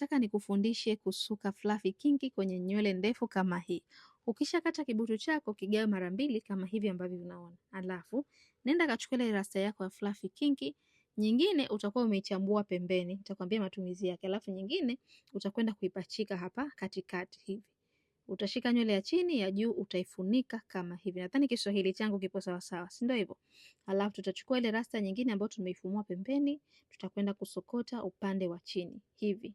Nataka nikufundishe kusuka fluffy kinki kwenye nywele ndefu kama hii. Ukishakata kibutu chako kigawe mara mbili kama hivi ambavyo unaona, alafu nenda kachukua ile rasta yako ya fluffy kinki nyingine utakuwa umeichambua pembeni, nitakwambia matumizi yake. Alafu nyingine utakwenda kuipachika hapa katikati hivi, utashika nywele ya chini, ya juu utaifunika kama hivi. Nadhani Kiswahili changu kipo sawa sawa, si ndio? Hivyo alafu tutachukua ile rasta nyingine ambayo tumeifumua pembeni, tutakwenda kusokota upande wa chini hivi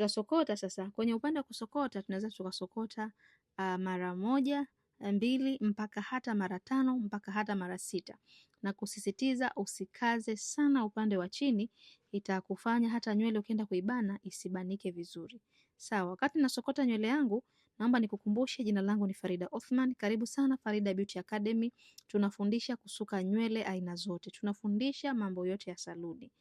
tutasokota sasa. Kwenye upande wa kusokota tunaweza tukasokota uh, mara moja mbili mpaka hata mara tano mpaka hata mara sita, na kusisitiza usikaze sana upande wa chini, itakufanya hata nywele ukienda kuibana isibanike vizuri. Sawa, wakati nasokota nywele yangu naomba nikukumbushe, jina langu ni Farida Othman. Karibu sana Farida Beauty Academy. Tunafundisha kusuka nywele aina zote, tunafundisha mambo yote ya saluni.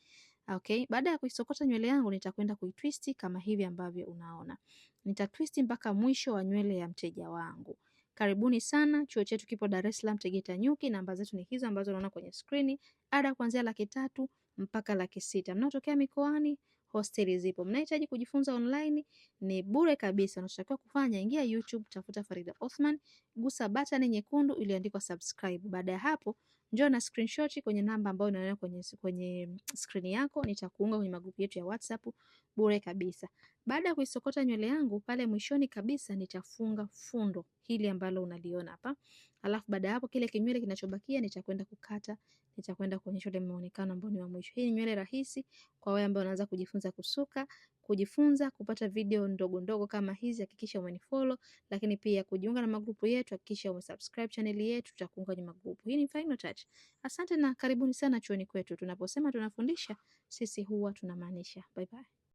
Okay, baada ya kuisokota nywele yangu nitakwenda kuitwist kama hivi ambavyo unaona. Nitatwist mpaka mwisho wa nywele ya mteja wangu. Karibuni sana, chuo chetu kipo Dar es Salaam Tegeta Nyuki. Namba zetu ni hizo ambazo unaona kwenye skrini. Ada kuanzia laki tatu mpaka laki sita. Mnaotokea mikoani hosteli zipo. Mnahitaji kujifunza online ni bure kabisa. Unachotakiwa kufanya ingia YouTube, tafuta Farida Othman, gusa batani nyekundu iliyoandikwa subscribe. Baada ya hapo Njoo na screenshot kwenye namba ambayo unaona kwenye, kwenye mm, screen yako, nitakuunga kwenye magrupu yetu ya WhatsApp bure kabisa. Baada ya kuisokota nywele yangu pale mwishoni kabisa nitafunga fundo hili ambalo unaliona hapa. Alafu baada hapo kile kinywele kinachobakia nitakwenda kukata, nitakwenda kuonyesha ule muonekano ambao ni wa mwisho. Hii ni nywele rahisi kwa wewe ambaye unaanza kujifunza kusuka kujifunza, kupata video ndogo ndogo kama hizi, hakikisha umenifollow, lakini pia kujiunga na magrupu yetu, hakikisha umesubscribe chaneli yetu, tutakuunga kwenye magrupu. Hii ni Final Touch. Asante na karibuni sana chuoni kwetu. Tunaposema tunafundisha, sisi huwa tunamaanisha. Bye bye.